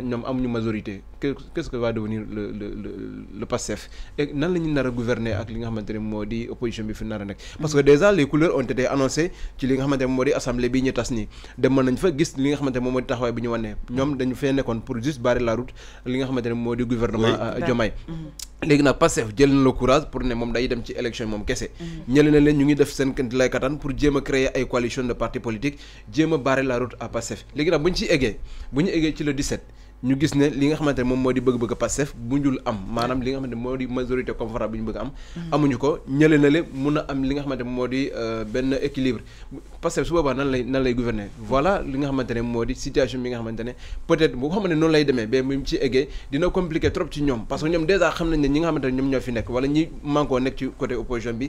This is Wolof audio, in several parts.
ñoom amuñu majorité qu'est-ce que va devenir le le le le PASTEF et nan la ñu nar gouverner ak li nga xamante modi opposition bi fi nara nek parce que déjà les couleurs ont été annoncées ci li nga xamante modi assemblée bi ñu tas nii dem nañ fa gis li nga xamante modi taxaway bi ñu wone ñom dañu fee nekkoon pour juste barrer la route li nga xamante modi gouvernement euh, Diomaye. Mhm. légui nag PASSEF jël na le courage pour né mom day dem ci élection mom kessé ñële na leen ñu ngi def seen kënt lay kattan pour jéem créer ay coalition de partis politiques jéem barrer la route à PASSEF légui nag buñ ci égué buñ égué ci le 17 ñu gis ne li nga xamante ne moom moo di bëgg-bëgg Pastef bu njul am maanaam li nga xamante ne moo di mm-hmm. ko ñële a li nga xamante ne moo di euh, benn équilibre Pastef su boobaa nan lay na lay gouverner voilà li nga xamante ne moo di situation bi nga xamante ne peut-être bu xam ne noonu lay demee ba mu ci eggee dina compliqué trop ci ñoom parce que ñoom a xam nañ ne ñi nga xamante ne ñoom ñoo fi nekk wala ñi manqué nekk ci côté opposition bi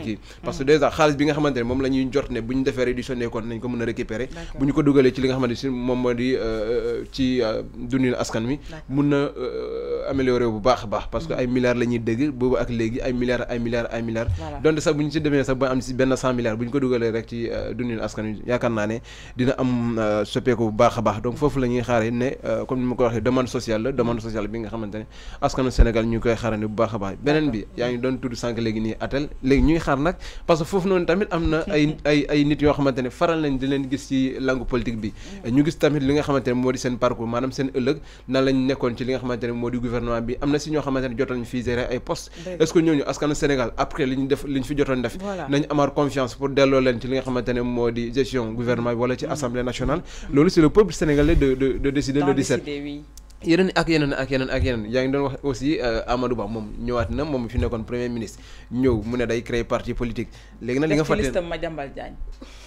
dugalee ci hmm. parce que déjà xaalis bi nga xamante moom la jot ne bu ñu defee réduction des comptes nañ ko mën a récupérer bu ñu ko dugalee ci li nga xamante moom moo euh, euh, euh, na améliorer bu baax a baax parce que hmm. ay milliards la ñuy dégg boobu ak léegi ay milliards ay milliards ay milliards donte sax bu ñu si demee sax ba am si benn cent milliards bu ñu ko baax a baax donc foofu la ñuy xaaree ne comme ni ma ko waxee demande sociale la demande sociale bi nga xamante ne askanu Sénégal ñu koy xaarandi bu baax a baax beneen bi yaa ngi doon tudd sànq léegi nii atel léegi ñuy xaar xaar nag parce que foofu noonu tamit am na ay ay ay nit yoo xamante ne faral nañ di leen gis ci langue politique bi mm. ñu gis tamit li nga xamante ne moo di seen parcours maanaam seen ëllëg nan lañ nekkoon ci li nga xamante moo di gouvernement bi am na si ñoo xamante ne jotoon fi gérer ay poste est-ce que ñooñu Sénégal après li ñu def li ñu fi jotoon def nañ amaar confiance pour delloo leen ci li nga xamante moo di gestion gouvernement bi wala ci mm. assemblée nationale mm. yeneen ak yeneen ak yeneen ak yeneen yaa ngi doon wax aussi euh, Amadou Ba moom ñëwaat na moom fi nekkoon premier ministre ñëw mu ne day créer parti politique léegi nag li nga fàtte Majambal Diagne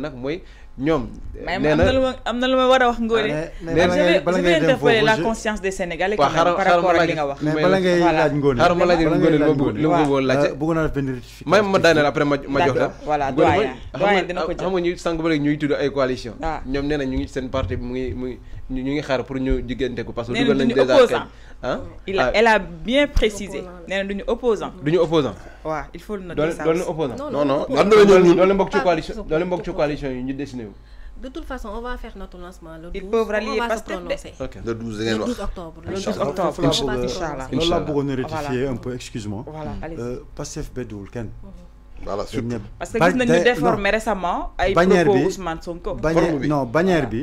nag mooy ñoom. nee na am na lu ma war a wax Ngoré. Ah, nee bala ngay wax. mais bala ngay laaj Ngoré xaaral ma laaj Ngoré lu ma bëggoon laajte. Ah, bëgg naa def benn may ma daaneel après ma jox la. voilà doyen doyen xam nga ñu sànq ba léegi ñuy tudd ay coalition ah. ñoom nee na ñu ngi seen parti bi mu ngi ñu ngi xaar pour ñu diggante ko parce que dugal nañ déjà ah il a ah. elle a bien précisé nee na ñu opposant duñu opposant wa il faut le noter ça doon opposant non non doon na mbok ci coalition do le mbok ci coalition yi ñu dessiné wu de toute façon on va faire notre lancement le 12 ils peuvent rallier Pastef le 12 ngeen wax le 12 octobre le 12 octobre inchallah loolu laa bëggoon rectifier un peu excuse-moi euh passef bedoul ken mhm. voilà parce que gis ñu déformer récemment ay propos Ousmane Sonko bannière bi non bannière bi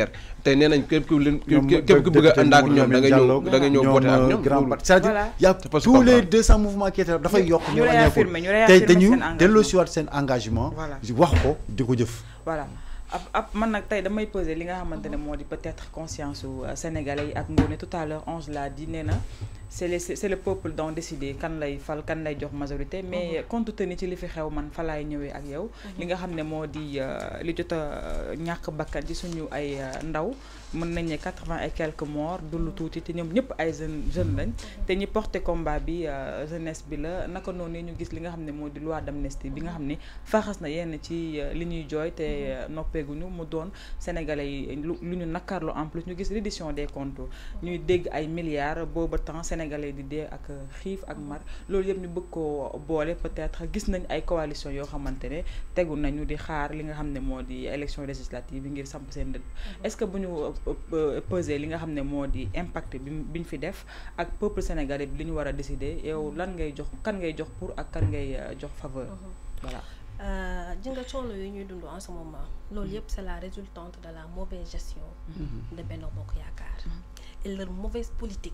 manière tey nee kep képp ku bëgg a ànd ak euh, ñoom da nga ñëw da nga ñëw voté ak ñom c'est-à-dire y a tous les deux mouvements qui étaient dafay yok ñu rek affirmer dañu delloo si waat seen engagement wax ko diko jëf voilà ap ab man nag tey damay poser li nga xamante modi peut-être conscience u euh, sénégalais ak ngone tout à l'heure Ange l'a dit nena c'est le c'est le peuple donc décidé kan lay fal kan lay jox majorité mais mhm. compte tenu ci li fi xew man fa lay ñëwé ak yow mhm. li nga xamné ne di euh, li jotta a euh, ñàkk bakkan ci suñu ay euh, ndaw mën nañ né 80 vingts et quelques morts du lu tuuti te ñoom ñëpp ay jeune jeune lañ mhm. té ñi porté combat bi jeunesse bi la naka noné ñu gis li nga xamné ne di loi d'amnistie bi nga xamné faxas na yenn ci li ñuy joy té te noppeeguñu mu doon sénégalais yi lu ñu nakarlu en plus ñu gis reddition des comptes ñuy dégg ay milliards booba temps sénégalais di dé ak xif ak mar loolu yépp ñu bëgg ko boole peut-être gis nañ ay coalition yoo xamante ne tegu nañu di xaar li nga xam ne moo di élection législative ngir samp seen dëkk mm-hmm. est-ce que bu ñu euh, euh, peser li nga xam ne moo di impact bi ñu fi def ak peuple sénégalais bi li ñu war a décider yow mm-hmm. lan ngay jox kan ngay jox pour ak kan ngay euh, jox faveur mm-hmm. voilà ji nga coono yi ñuy dund en ce moment loolu yëpp c'est la résultante de la mauvaise gestion de Benno Bokk Yaakaar et leur mauvaise politique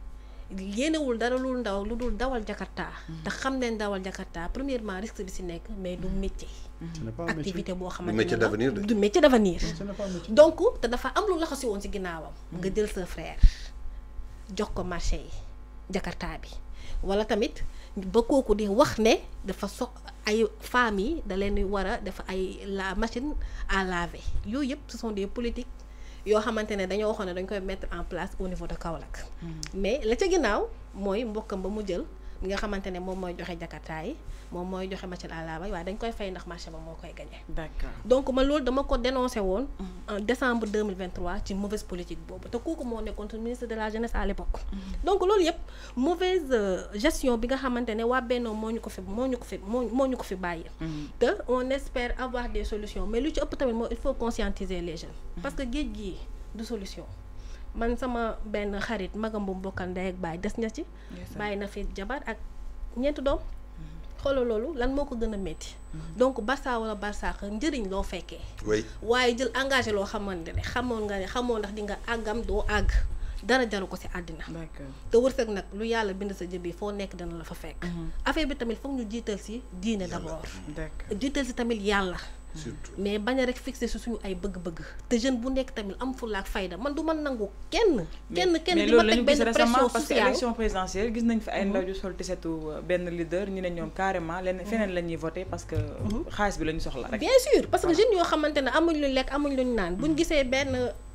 yéenewul dara lu ndaw lu dul dawal jakarta mm-hmm. te xam ne ndawal jakarta premièrement risque bi si nekk mais du métier mm-hmm. activité boo xamante ne du métier d'avenir donc te dafa am lu laxasi woon si ginnaawam mm-hmm. nga jël sa frère jox ko marché yi jakarta bi wala tamit ba kooku di wax ne dafa so ay femmes yi da leen war a dafa ay la machine à laver yooyu yëpp ce sont des politiques yoo xamante ne dañoo waxoon ne dañ koy mettre en place au niveau de Kaolack. Hmm. mais la ca ginnaaw mooy mbokkam ba mu jël nga xamante ne moom mooy joxe jakataay moom mooy joxe machine à laver waaye dañ koy fay ndax marché ba moo koy gagné. d'accord donc ma loolu dama ko dénoncé woon. Mhm. en décembre 2023 ci mauvaise politique boobu te kooku moo nekkoon suñu ministre de la jeunesse à l'époque. Mhm. donc loolu yëpp mauvaise euh, gestion bi nga xamante ne waa Benno moo ñu ko fi moo ñu ko fi moo ñu ko fi bàyyi. Mhm. te on espère avoir des solutions mais lu ci ëpp tamit mooy il faut conscientiser les jeunes. parce que géej gi du solution. man sama benn xarit magam bu mu ndey ak baay des na ci. bàyyi na fi jabar ak ñeenti doom. xoolal loolu lan moo ko gën a métti. Mhm. donc Barça wala Barça njëriñ loo fekkee. waaye jël engage loo xamante ne xamoon nga ne xamoon ndax di nga àggam doo àgg dara jaru ko si àddina. te wërsëg nag lu yàlla bind sa jëb yi foo nekk dana la fa fekk. Mhm. affaire bi tamit foog ñu jiital si diine d'abord. jiital si tamit yàlla. mais bañ rek fixé si suñu ay bëgg-bëgg. té jeune bu nekk tamit am fu ak fayda man du man nangu kenn. kenn kenn di ma teg ben pression parce que élection présidentielle gis nañ fi ay ndaw mhm. yu sol tisetu euh, benn leader ñu ne ñoom mhm. carrément leneen mhm. feneen la voter parce que. xaalis bi la soxla rek. bien sûr parce que jeune yoo xamanté ne amuñ lu lek amuñ luñ naan buñ gisee ben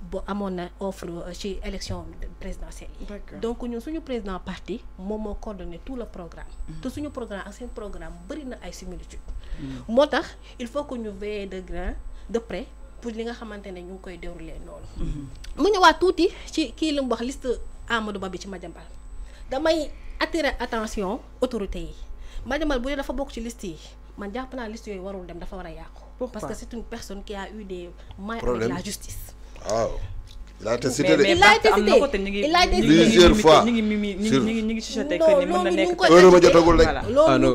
ba amoon offre euh, ci élection présidentielle donc ñun suñu président parti momo coordonné tout le programme mm-hmm. te suñu programme ak seen programme bari na ay similitude mm-hmm. motax il faut que ñu veiller de grain de près pour li nga xamante ne ñu koy déroulé noonu mm-hmm. mu ñëwaat touti ci ki lu wax liste Amadou babbi ci madjambal damay attirer attention autorité yi Madjambal, bu dafa bok ci liste yi man japp na liste yoy warul dem dafa wara a parce que c'est une personne qui a eu des mailles avec la justice Oh. il a été cité de. ñu ngi mimi ñu ngi ñu ngi chuchoté que ni mën loolu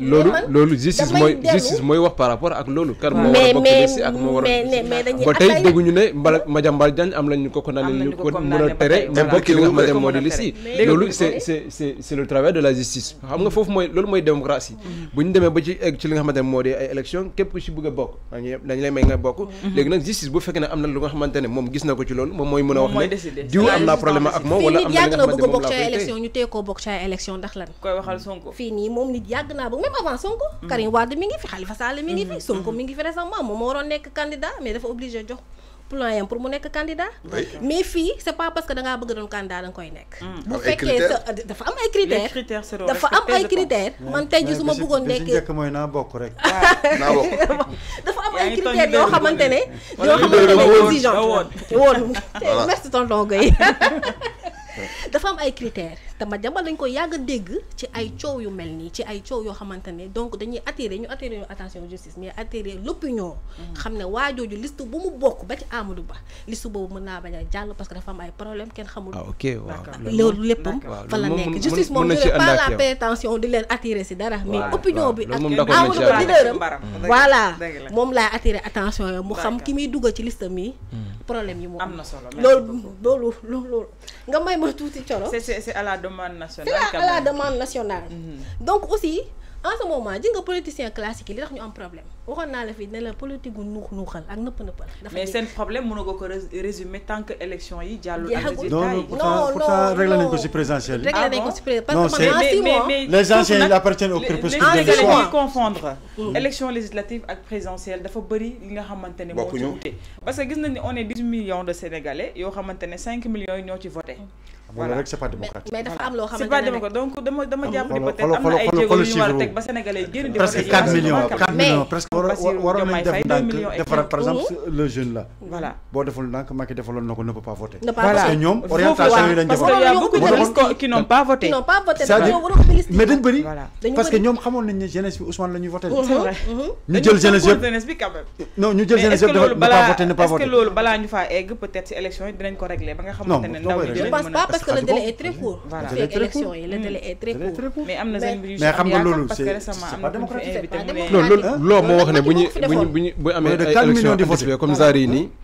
ñu loolu justice mooy justice mooy wax par rapport ak loolu. kar moo war a bokk ak moo war a. mais mais mais ba tey dégguñu ne mbala Madiambal am nañu ko condamné ñu ko mën a tere. voilà mm-hmm. ba ci egg nga xamante moo di ay élection képp ci bëgg bokk dañu lay may nga bokk mm-hmm. léegi nag justice bu fekkee ne am na lu nga xamante ne moom gis na ko ci loolu mooy mën a wax ne diw am naa problème ak moom wala am na nga xamante moom laa koy élection ñu tee bokk ci ay élection ndax lan koy waxal Sonko fii nii moom nit yàgg naa ba même avant Sonko mm. Karim Wade mi ngi fi Khalifa Sall mi ngi fi mm. Sonko mm. mi ngi fi récemment moom ma waroon nekk candidat mais dafa obligé jox plan yam pour mu nekk candidat mais fii c' est pas parce que bëgg doon candidat da koy nekk hmm. bu fekkee sa dafa am ay critères dafa am ay critères man tey su ma bëggoon nekk njëkk mooy naa bokk rek naa bokk dafa am ay critères yoo xamante ne yoo xamante ne exigeant woon merci tonton Gueye dafa am ay critères te ma jambal dañ koy yàgg a dégg ci ay coow yu mel nii ci ay coow yoo xamante donc dañuy attirer ñu attirer ñu attention justice mais attirer mm-hmm. mu bokk ba ci Amadou Ba liste boobu a jàll parce ah, la nekk justice moom ñu pas la prétention di mu xam ki muy dugg ci liste mi mm. problème yi moom loolu loolu loolu nga may ma tuuti coro demande nationale c'est à la demande nationale donc aussi en ce moment les politiciens classiques, ils ont li tax ñu am problème waxoon naa la fii ne la politique gu nuux nuuxal ak nëpp nëppal. mais problème mënoo ko résumer tant que élection yi a ak résultat yi non non pourtant réglé nañu ko si présidentiel yi. réglé nañu ko ah parce que les anciens ils appartiennent au crépuscule de l'histoire les confondre. Mm-hmm. élection législative ak présidentielle dafa bëri li nga xamante ne moo parce que gis nañu ne on est 10 millions de sénégalais yoo xamante ne 5 millions yi ñoo ci voté. voilà rek c'est pas démocratique. donc dama dama jàpp ni peut am na ay jéego ba sénégalais presque 4 millions 4 millions presque waroon nañ def ndànk defaraat par exemple le jeune là. boo deful ndànk Macky defaloon na ko ne pas voter. parce que ñoom orientation yi lañ defoon parce que que ñoom xamoon nañ ne jeunesse bi Ousmane la ñuy voté. Mmh. Mmh. ñu jël jeunesse bi quand même. ñu jël jeunesse yëpp ne pas voté ne pas voté. est-ce que loolu balaa ñu faa parce que le délai est très court. voilà le délai est très court le délai est très court. mais am na seen mais xam nga loolu c' pas ah, démocratique. non loolu moo wax ne bu ñu bu ñu bu amee ay élections comme Zari nii.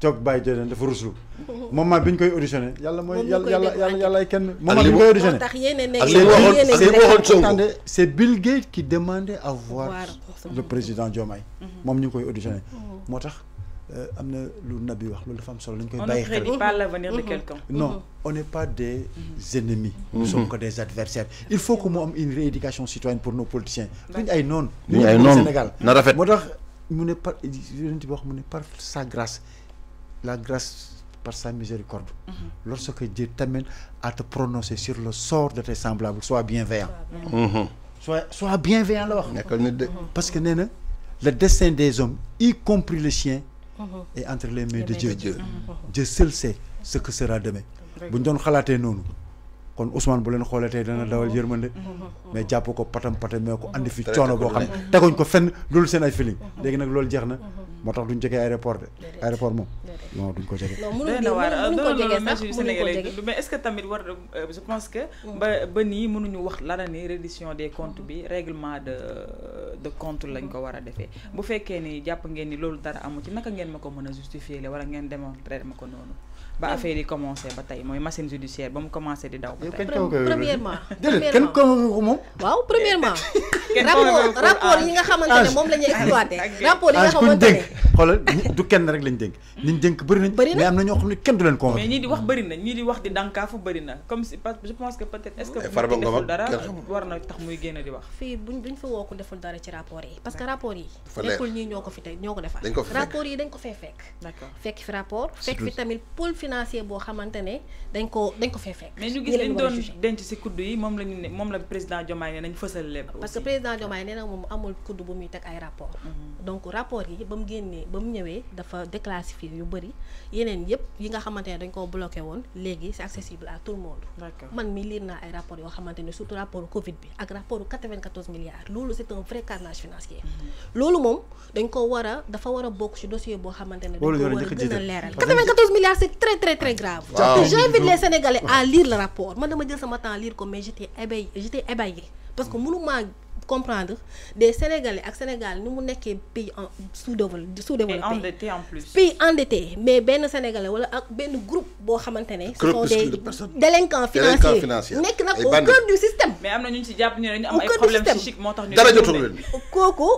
Tok Baye Biden dafa ruslu moment bi ñu koy auditionné yalla moy yalla yalla yalla ay kenn moment bi ñu koy auditionné attendez c'est Bill Gates qui demandait à voir le président Diomaye mom mhm. ñu koy auditionné mhm. motax euh, amna lu nabi wax loolu dafa am solo lañ koy bàyyi xel on ne prédit pas l'avenir de mhm. quelqu'un non on n'est pas des ennemis nous sommes que des adversaires il faut que mo am une rééducation citoyenne pour nos politiciens buñ ay noonu ñu ay noonu Sénégal na rafet moo mu ne par yonent bi wax mu ne par sa grâce la grâce par sa miséricorde. Mhm. Lorsque Dieu t'amène à te prononcer sur le sort de tes semblables, sois bienveillant. sois, bienveillant mhm. alors. Mhm. Parce que le destin des hommes, y compris le chien est entre les mains de Dieu. Dieu seul sait ce que sera demain. kon Ousmane bu leen xoolee tey dana dawal mm-hmm. yërmande mm-hmm. mais jàpp ko patam patamee ko andi fi coono boo xam ne mm-hmm. teguñ ko fenn loolu seen ay feeling léegi nag loolu jeex na moo tax duñ jege aéroport de aéroport moom non duñ ko jege mais est tamit war euh, je pense ba nii mënuñu wax la ni reddition des comptes bi règlement de compte lañ ko war a defee bu fekkee ni jàpp ngeen ni loolu dara amu ci naka ngeen ma ko mën a justifier le ngeen démontrer ba affaire yi commencé ba tay moy machine judiciaire ba mu commencé di daw. premièrement déedéet kenn ko moom. waaw premièrement. rapport rapport yi nga xamante ne moom la rapport yi nga xamante ne du kenn rek lañ dénk. liñ dénk bëri nañ. mais am na ñoo kenn du convaincre. mais di wax bëri na ñii di wax di dànkaafu bëri na comme si je pense que peut être est ce que. Eh, farba ngoma war na tax muy di wax. fii buñ duñ fa woo deful dara ci rapport yi parce que rapport yi. fa nekkul ñii fi tey ñoo defal. rapport yi dañ ko fi rapport fi financier bo xamantene dañ ko dañ ko fe fek mais ñu gis liñ doon denc ci kudd yi mom la ne moom la président Diomaye ne nañ fësal lépp. parce que président Diomaye nee na moom amul kudd bu muy tek ay rapport mhm. donc rapport yi bam mu bam ñëwé dafa déclassifier yu bari yeneen yépp yi nga xamantene dañ ko bloqué won légui c'est accessible à tout le monde. man mi lire na ay rapport yo xamantene surtout rapport Covid bi ak rapport 94 milliards lolu c'est un vrai carnage financier. Mhm. lolu mom dañ ko wara dafa wara bok ci dossier bo xamantene dañ ko war a gën 94 milliards c'est très très très grave. J'ai j'invite les Sénégalais à lire le rapport me dama jël matin temps lire à mais j'étais ébahi j'étais ébahi parce que mënu pas comprendre des Sénégalais ak Sénégal ni mu nekkee pays en sous développés sous-développé endetté en plus pays endetté mais ben Sénégalais wala ben groupe bo xamante ce sont des délinquants financiers nek nak au cœur du système mais amna ñu ci jàpp ne dañu am ay problèmes psychiques motax ñu dara jotul leen kooku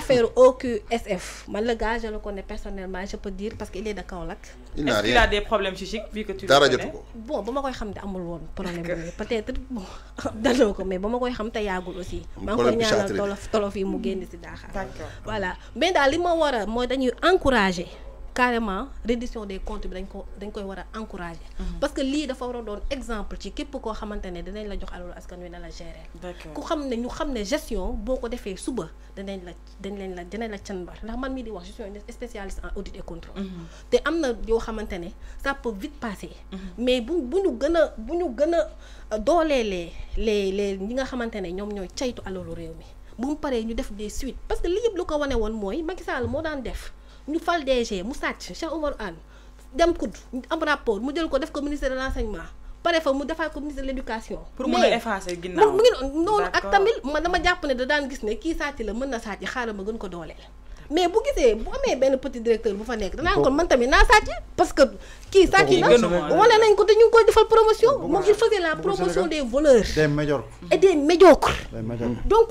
affaire OQSF man le gars je le connais personnellement je peux dire parce qu'il est de Kaolack est-ce qu'il a des problèmes psychiques vu que tu dara jotu bon bama koy xam te amul woon problème peut-être bon daloo ko mais bama koy xam te yaagul aussi ñaanal tolof tolof yi mu génn si daaxaar voilà mais daal li ma war a mooy dañuy encourager carrément reddition des comptes bi dañ ko dañ koy war a encourager. Mhm. parce que lii dafa war a doon exemple ci képp koo xamante ne danañ la jox alolu askan wi na la gérer. ku xam ne ñu xam ne gestion boo ko defee suba danañ la dañ leen la danañ la canbar ndax man mii di wax gestion spécialiste en audit et contrôle. Mhm. te am na yoo xamante ne ça peut vite passer. Mhm. mais bu bu ñu gën a bu ñu gën a euh, dooleelee les les ñi nga xamante ne ñoom ñooy caytu alalu réew mi bu mu paree ñu def des suites parce que lii yëpp lu ko wane woon mooy Macky Sall moo daan def. ñu fal DG mu sàcc Cheikh Oumar Anne dem kudd am rapport mu jël ko def de l' enseignement pare fa mu defaat ko ministre de l' éducation. pour mën a effacer ginnaaw mu ngi noonu ak tamit man dama jàpp ne da daan gis ne kii sàcc la mën na sàcc xaaral ma gën ko dooleel. mais bu gisee bu amee benn petit directeur bu fa nekk danaan kon man tamit naa sàcc parce que kii sàcc na wala nañ ko te ñu ngi koy defal promotion moom il faisait la promotion des voleurs et des médiocres donc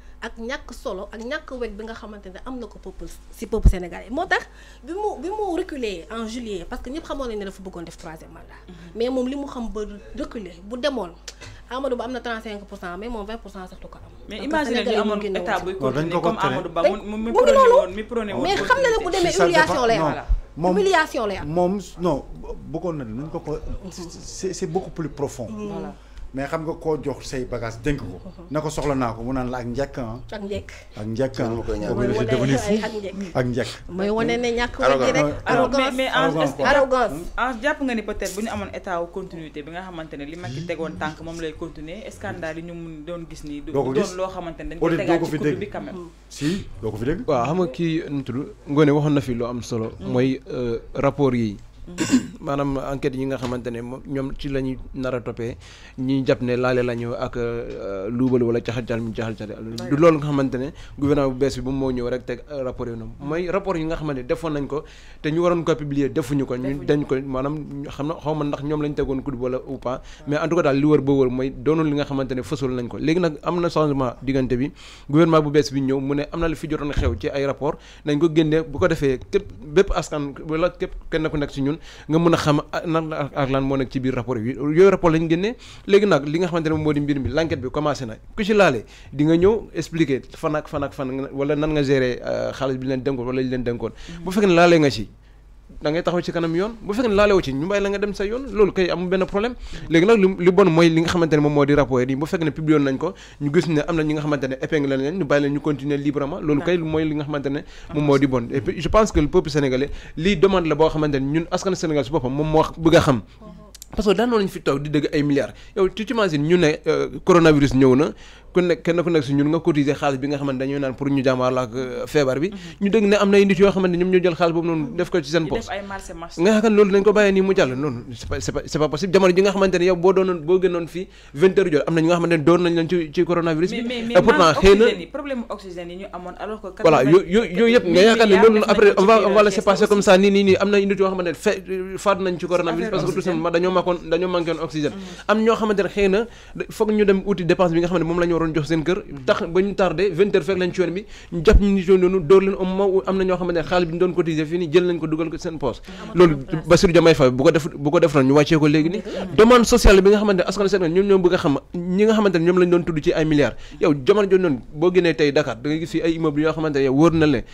ak ñàkk solo ak ñàkk reculé. bi nga xamante ne am na ko peuple si peuple sénégalais reculer en juillet parce que ñëpp xamoon nañ ne dafa bëggoon def troisième mandat. Mhm. mais moom li mu xam ba reculer bu demoon Amadou Ba am 35 mais moom 20 pour cent sax du ko am. mais imagine suis amoon état buy continuer comme Amadou Ba mu suis prôné mais xam na bu demee humiliation lay humiliation lay am. non bëggoon na ko c'est beaucoup plus profond. voilà. mais xam nga ko jox say bagage denk ko nako soxla nako ko mu naan la ak ndiek ah. ak ndiek ak njëkk ah. ak ndiek mooy wane ne ñàkk wér rek. arrogance mais en japp nga ni peut-être buñu amone état wu continuité bi nga xamantene li makki tégon tank mom lay continuer scandale hmm. yi ñu doon gis ni doon lo xamantene dañ ko tégal ci kuréel bi quand même. si doo ko fi dégg. wa xam nga ki ñu mu tudd Ngone waxon na fi lo am solo. moy hmm. euh, rapport yi. Hmm manam enquête yi nga xamantene ñom ci lañu nara topé ñi japp ne laalé lañu ak euh, loubal wala jaxal jaxal mi jaxal jaxal du lool nga xamantene gouvernement bu bees bi bu mo ñëw rek teg euh, rapport yi noonu mm-hmm. rapport yi nga xamantene defoon nañ ko te ñu waron ko publier ñu ko ñu dañ ko manam xamna xawma ma ndax ñom lañu tégon kudd wala ou pas mais en tout cas dal li wër ba wër moy doonul li nga xamantene fessul nañ ko légui nak amna changement digënté bi gouvernement bu bees bi ñëw mu ne amna li fi jotone xew ci ay rapport nañ ko génne bu ko défé képp bép askan wala képp kenn ku nekk ci ñun nga mun a xam ah, nan ak lan moo nekk ci biir rapport yooyu rapport lañ génnee léegi nag li nga xamante ne moo di mbir mi l'enquête bi commencé na ku ci laalee di nga ñëw expliquer fan ak fan ak nan nga gérer euh, xaalis bi leen dénkoon wala leen dénkoon mm-hmm. bu fekkee ne laalee nga si dangay ngay taxaw ci kanam yoon bu fekkee ne laalewu ci ñu bàyyi la nga dem sa yoon loolu kay amul benn problème léegi nag li bon mooy li nga xamante ne moom moo di rapport yi ko ñu gis ne am na ñi nga xamante ne épingle leen ñu ne moom moo di bon et puis je pense que le peuple sénégalais lii demande la boo xamante ne ñun askan Sénégal su boppam moom moo bëgg a xam parce que daanoo lañ fi toog di dëgg ay milliards yow tu t'imagines ñu ne euh, coronavirus ñëw na ku nekk kenn ku nekk si ñun nga cotiser xaalis bi nga xamante dañuy naan pour ñu jàmmaarlo ak euh, feebar bi mm-hmm. ñu dégg ne am na ay nit xamante fe faatu nañ ci coronavirus parce que tout simplement dañoo mankoon dañoo manqué woon oxygène mm-hmm. am ñoo xamante ne xëy na ñu dem uti dépense bi nga xamante moom la waroon jox seen kër tax ba ñu tardé vingt fekk lañ ci bi ñu jàpp ñu nit yoon dóor leen au moment am na ñoo xamante xaalis bi ñu doon cotiser fii nii jël nañ ko dugal seen poche loolu Bassirou Diomaye Faye bu ko def bu ñu wàccee ko léegi nii demande sociale bi nga xamante ne askan Sénégal ñoom ñoom bëgg a xam ñi nga xamante ñoom lañ doon tudd ci ay milliards yow jamono jooju noonu boo génnee tey Dakar da gis fii ay immeuble yoo xamante ne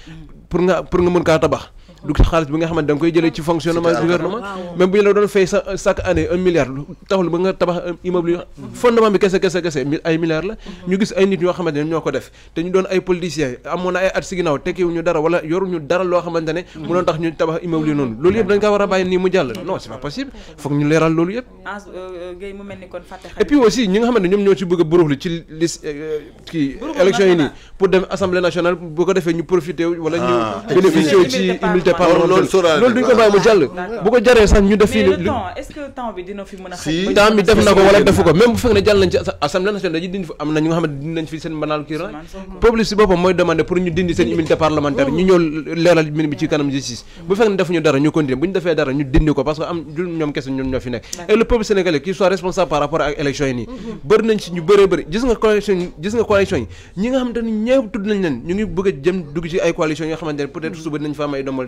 du xaalis bi nga xamante da nga koy jëlee ci fonctionnement gouvernement même bu ñu la doon fay chaque année un milliard taxul ba nga tabax immeuble yu mhm. fondement bi kese kese kese ay milliards la mhm. ñu gis ay nit ñoo xamante ne ñoo ko def te ñu doon ay politiciens amoon ay at si ginnaaw tekkiwu ñu dara wala yoru ñu dara loo xamante ne mhm. mu doon tax ñu tabax immeuble yu noonu loolu yëpp dañ ko war a bàyyi nii mu jàll non c'est pas possible foog ñu leeral loolu yëpp ah, euh, euh, et puis aussi ñi nga xamante ne ñoom ñoo ci bëgg a buruxlu ci liste euh, kii élection yi nii pour dem assemblée nationale bu ko defee ñu profité wala ñu ah. bénéficié ci immunité par loolu loolu duñ ko bàyyi mu jàll bu ko jaree sax ñu def fii temps bi def na ko wala defu ko même bu fekk ne jàll nañ ci assemblée nationale dañuy dindi am na ñu nga xam ne dindi dindi ko parce que am dul ñoom kese ñoom ñoo fi nekk et le peuple sénégalais qui soit responsable par rapport ak élection yi nii bëri nañ ci ñu bëree bëri gis nga coalition yi ñi nga xam ne ñëpp tudd nañ leen ñu ngi bëgg jëm dugg ci ay coalition yi nga xamante ne fa am ay dombal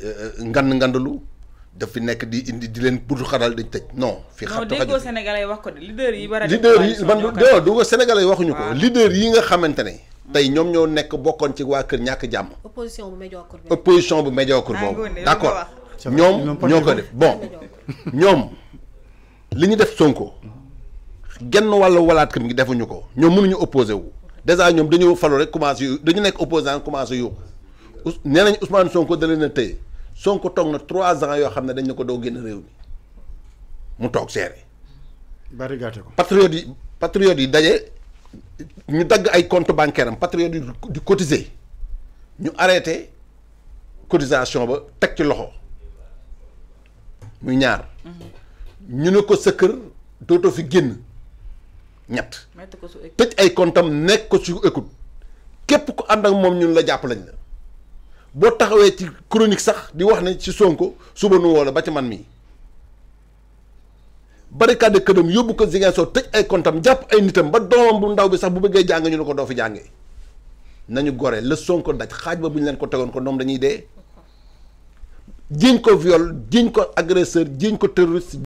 Euh, ngand ngandalu daf fi nekk di indi di leen pour xaral dañ tëj non. fi xam te déggoo sénégalais wax ko de leader yi war a def leader yi man du ko sénégalais waxuñu ko. leader yi nga xamante ne. tey ñoom ñoo nekk bokkoon ci waa kër ñàkk jàmm. opposition bu médiocre boobu opposition bu médiocre ah, boobu. d' accord ñoom ñoo ko def bon ñoom li ñu def sonko genn wàllu walaat kam ngi defuñu ko ñoom mënuñu opposé wu dèjà ñoom dañoo falu rek commencé dañu nekk opposant commencé yu nee nañ Ousmane Sonko da leen Sonko toog na trois ans yoo xam ne dañ ne ko doo génn réew mi mu toog seere barigaate ko patriote yi patriote yi daje ñu dagg ay compte banqueram am patriote yi di cotiser ñu arrêté cotisation ba teg ci loxo muy ñaar mhm. ñu ne ko sa kër fi génn ñett tëj ay compte nekk ko su écoute képp ku ànd ak moom ñun la jàpp lañ la boo taxawee ci chronique sax di wax ne ci Sonko suba nu woo la ba ci man mi barricade këram yóbbu ko Ziguinchor tëj ay kontam jàpp ay nitam ba doomam bu ndaw bi sax bu bëggee jàng ñu ne ko doo fi jàngee nañu gore la Sonko daj xaaj ba bu ñu leen ko tegoon ko ñoom dañuy dee jiñ ko viol jiñ ko agresseur jiñ ko terroriste